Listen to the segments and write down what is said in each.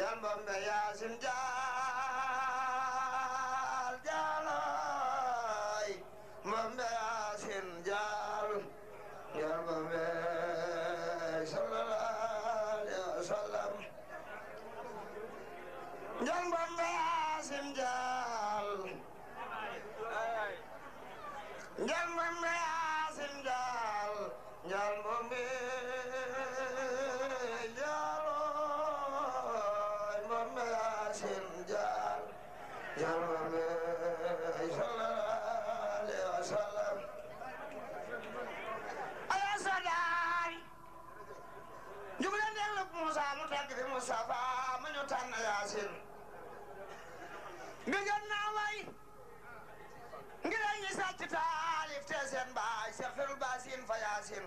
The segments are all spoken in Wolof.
jambam be yasin jaal jaaloy mbam be Mustafa ma ñu tànn Yaasin gëjoon naa way ngir a ñi sàcc taalif te seen baay Seex Baasin fa Yaasin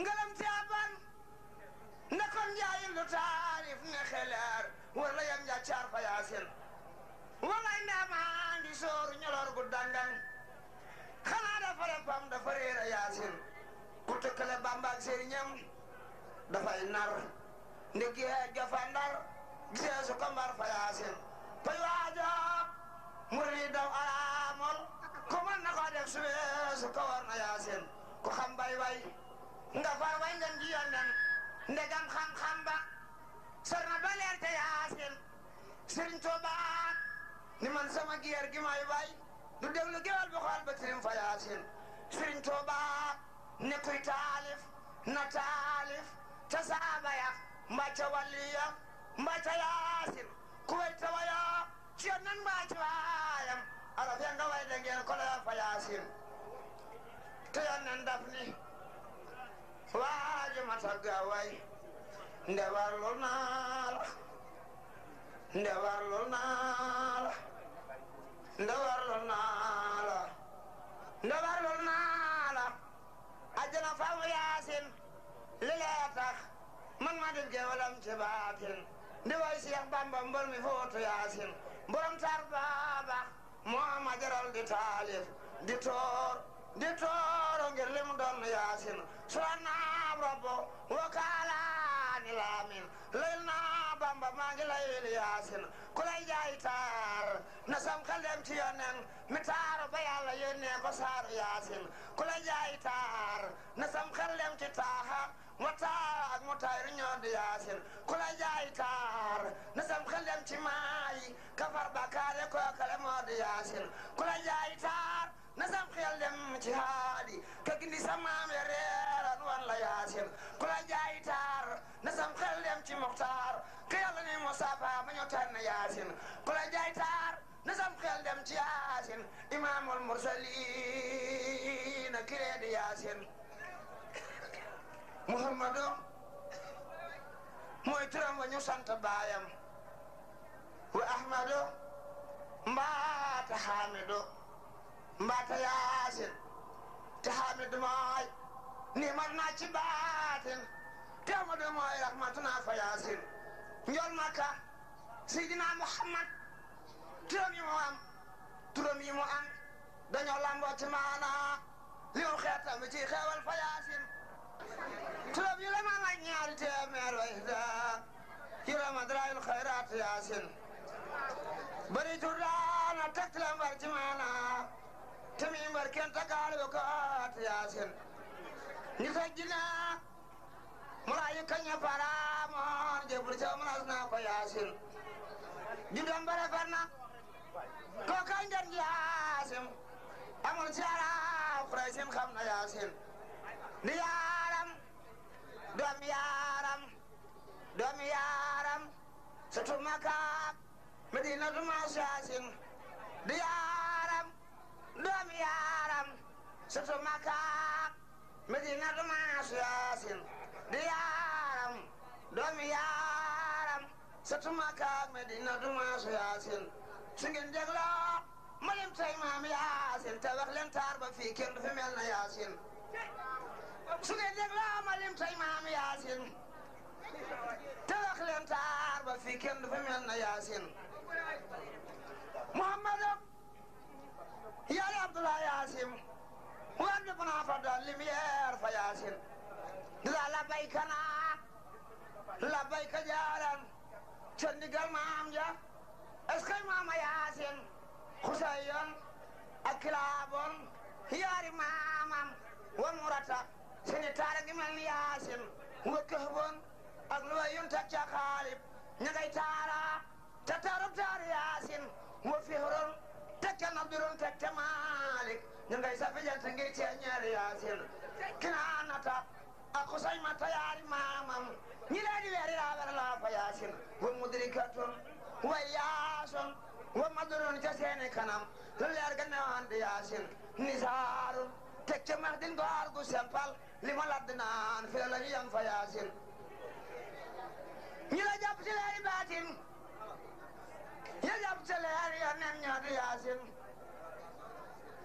ngërëm te aban na kon jaayin lu taalif ne xeleer war la yam njàccaar fa Yaasin walay ndaamaan di sooru ñolor gu dangan xanaa dafa rempam dafa réer a Yaasin ku tëkkale Bamba ak sëriñam dafay nar ndiki he jofandal giseesu ko mbar fayaasin pay waajaab muriidam alaamol ko mën na ko def suweesu ko war na yaasin ko xam bay way nga far way ngeen ji yonnen ndegam na ba te yaasin Sëriñ Tuuba ni man sama giyer gi may bay du déglu bu xool ba fa yaasin Sëriñ Tuuba ne kuy taalif na taalif ta saaba mbaca walliya mbaca yaasin kuwaita waya ciyon nan mbaci wayam ala fiya nga wayde ngeen koloya fa yaasin toyon nan dafni waajo mata gaway nde warlo nde warlo naala nde warlo naala nde warlo naala ajana famu yaasin lilee man ma def geewalam te baatin ndi way Seex Bamba mbor mi footo yaasin mborom tar baaba moo ma jaral di taalif di toor di tooro ngir li mu doon yaasin sura naam wakaalaani laamin leel naa Bamba maa ngi lay yaasin ku lay jaay na sam xel dem ci mi taar ba yàlla yónnee ko saaru yaasin ku lay jaay na sam xel dem ci motaar ak motaar yi ñoo yaasin ku la jaay taar na sam xel dem ci maayi kafar bakaare kookale moo yaasin ku la jaay taar na sam xel ci haali ka gindi sa maam ya reeran wan la yaasin ku la jaay taar na sam xel ci moxtaar ka yàlla ni Mustafa ma ñu tànn yaasin ku la jaay taar na sam xel ci yaasin imaamul mursaliin na kiree yaasin muhammadum mooy turam wa ñu sant baayam wa ahmadu mbaata hamidu mbaata yaasin te hamidu mooy nimar naa ci baatin te amadu mooy rahmatu naa fa yaasin njool makka sidina muhammad turam yi mu am turam yi mu am dañoo lamboo ci maana li mu xeetam ci xeewal fa yaasin tulob yi la man la ñaari téeméer wa isaan ci ramadraayul xayraat yaasin bari tur daana takk la mbar ci maana tami mbar kenn takaale ba ko aat yaasin ni sajjina muraayu kaña paraamoon jebul ca munas naa ko yaasin judam bare farna ko kanjan yaasin amul ci araab xuraysin xam na yaasin di yaa doom yaaram doom yaaram satu makaab madinatu masaasin di yaaram doom yaaram satu makaab madinatu masaasin di yaaram doom yaaram satu makaab madinatu masaasin su ngeen dégloo ma lim tey maam yaasin te wax taar ba fii kenn du fi na yaasin su ngeen laa ma lim maam yaasin te wax leen ba fii kenn du fi mel yaasin muhammad yaari abdullah yaasin waat bi bunaa fa daal fa yaasin dinaa labbayka naa labbayka jaaran ca ndigal maam ja est-ce que yaasin xusayoon ak kilaaboon yaari maamam wa murata seen i taara gi mel ni yaasin wa kahfan ak lu way yunta ca xaalib ña taara te taarab taar yaasin wa fihron teg ca nabdiron teg ca maalik ña ngay safi jant ngi cee ñeel yaasin kinaanata ak xusay ma tayaari maamam ñi leen weeri laa wer laa fa yaasin wa mudrikatun wa yaasun wa madurun ca seeni kanam leer ga newaan di yaasin nisaarun teg ca max din goor gu sempal li ma ladd naan fee la ñu yam fa yaasin ñi la jàpp ci leeri baatin ñi la jàpp ci leer yor yaasin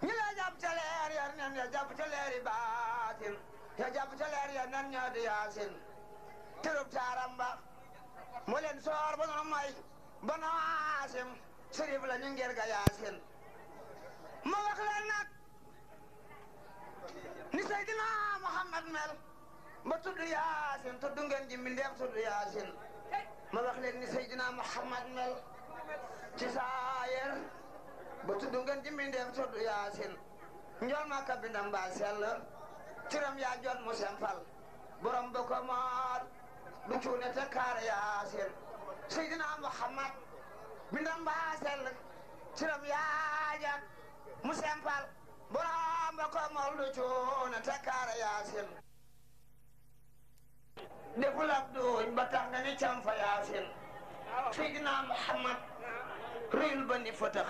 ñi la jàpp ci ya jàpp ci yaasin turub taaram ba mu leen soor ba noonu may ba noonu aasim sirif la ñu ngir yaasin ma wax leen nag ni Seydina Muhammad mel ba tudd Yaasin tudd ngeen ji mbindeef tudd Yaasin ma wax leen ni Seydina Muhammad mel ci ba tudd ngeen ji mbindeef tudd Yaasin njool ma ka bindam tiram yaa jot mu sempal borom ba ko maar du cuune te Yaasin Seydina Muhammad bindam ba tiram yaa jot mu sempal borom Bamba ko moldu cuuna takkaara yaasin deful ab dooñ ba tax ni cam fa yaasin Seydina Muhammad ruyul ba ni fëtëx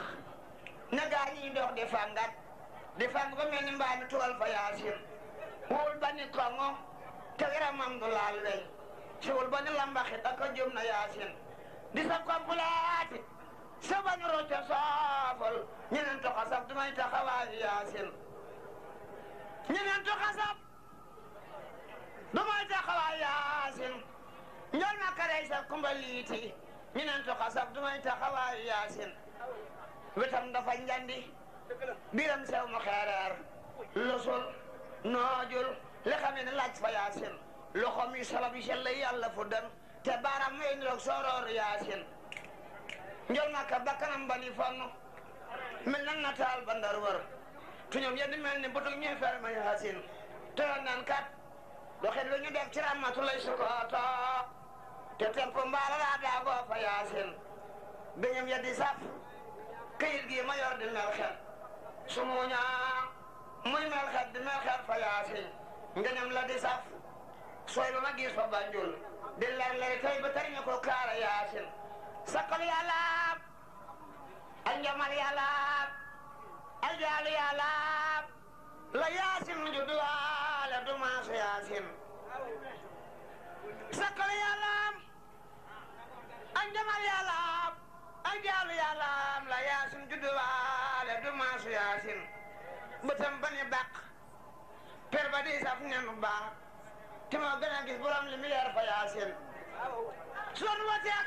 na gaa ñiy di fangat di fang ko mel ni mbaami tool fa yaasin ba ni kongo te yaramam du laal weñ si wóol ba ni lambaxit ak ko jëm na yaasin di sa kompulaati sa bañ rocca saafal ñeneen taxa saf dumay taxawaayu yaasin ñenentu xasab du mooy taxawal yaasin njol ma karey sa kumbaliiti ñenentu xasab du mooy taxawal yaasin wetam dafa njandi biram sew mu xeereer lusul noojul li xam ne laaj fa yaasin loxoom yi sabab yi sell yàlla fu dem te baaraam muy niroog sooroor yaasin njol ma ka bakkanam ba ni fann mel na nataal tuñum yeddi mel ni budug ñi fel ma yaasin teyoon nan kat doxin lu ñu def ci rahmatullahi sukooto te temp mbaala laa daagoo fa yaasin beñum yeddi saf këyit gi ma yor di mel xel muy mel di mel fa yaasin ngenem la di saf sooy ba ma gis fa di leen lay ba tariñu ko kaara yaasin sakal yàlla ak njamal ajaal yaa laab la yaasin judd waale du maasu yaasin sakkal yaa anjamal yaa laab ajaal la yaasin judd waale du maasu yaasin bëtam ba ni bàq per ba di saf gën a gis li mu yer fa yaasin son wateek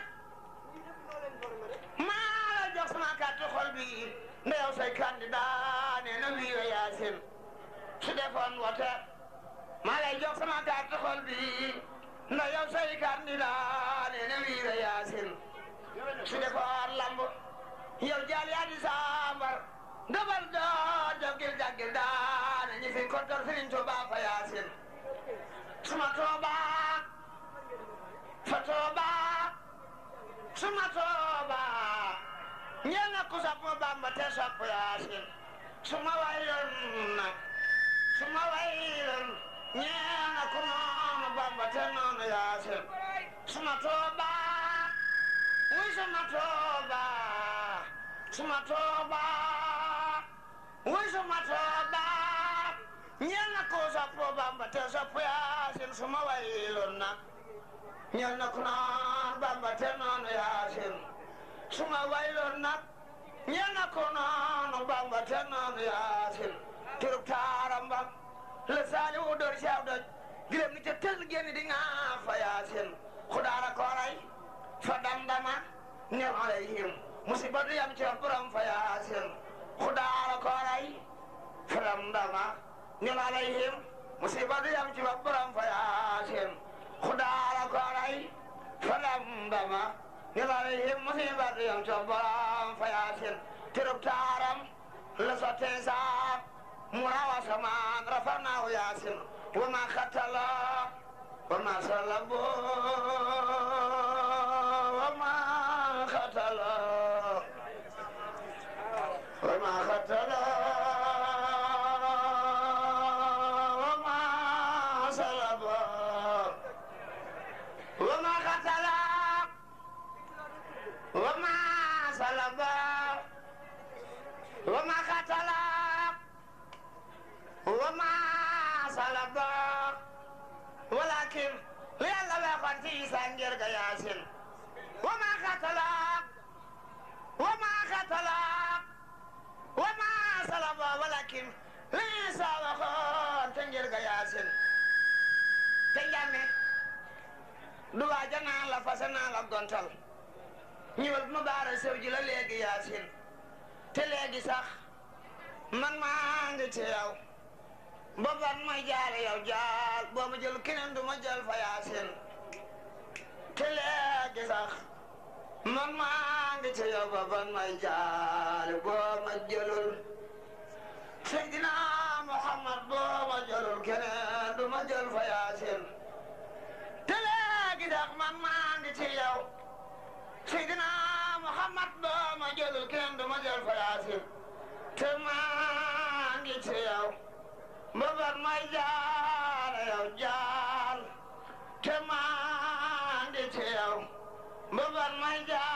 maa jox sama kàttu bi ne yow say candidat nee na wii yaasin su defoon wote maa lay jox sama carte xol bi ne yow say candidat nee na wii yaasin su defoon lamb yow jaal yaa di saambar dabal doo joggil jaggil daane ñi fi kontor Sëriñ Tuubaa fa yaasin suma tooba fa tooba suma tooba ku sopp Bamba te sopp Yaasin su ma wayoon nag su ma wayoon ñee na ku noonu Bamba te noonu Yaasin su ma tooba wuy su ma tooba su ma tooba wuy su ma tooba ñeel na ku sopp Bamba te sopp Yaasin su ma wayoon nag ñeel na ku noonu Bamba te noonu Yaasin su ma wayoon nag ñeena ko noonu Bamba te noonu Yaasin turub taaram ba la saali wu door caaw doj gilem ni ca tëll génn di nga fa Yaasin xudaara ko ray fa dandama ne alayhim musiba du yam ca borom fa Yaasin xudaara ko ray fa dandama ne alayhim musiba du yam ca borom fa Yaasin xudaara ko ray fa dandama ne alayhim musiba du yam ca borom fayatin tirub taaram la sottee saam mu raw asamaan rafarnaahu yaasin wa ma xatala wa ma salabu wa ma xatala صلب وما قتل وما صلب ولكن لألا بيقون في سنجر ياسين وما قتل وما قتل وما صلب ولكن ليس وخون تنجر ياسين تنجامي دوا جنا لا فسنا لا غنتل ñëwal ma baara sew ji la léegi yaasin te léegi sax man maa ngi ci yow booban ma jaale yow jaal boo ma jël keneen du ma jël fa yaasin te léegi sax man maa ngi ci yow booban ma jaale boo ma jëlul Seydina Seydina Muhammad ba ma jëlul kenn du ma jël fa te maa ngi ci yow mbabat may jaar yow jaar te maa ngi ci yow mbabat may jaar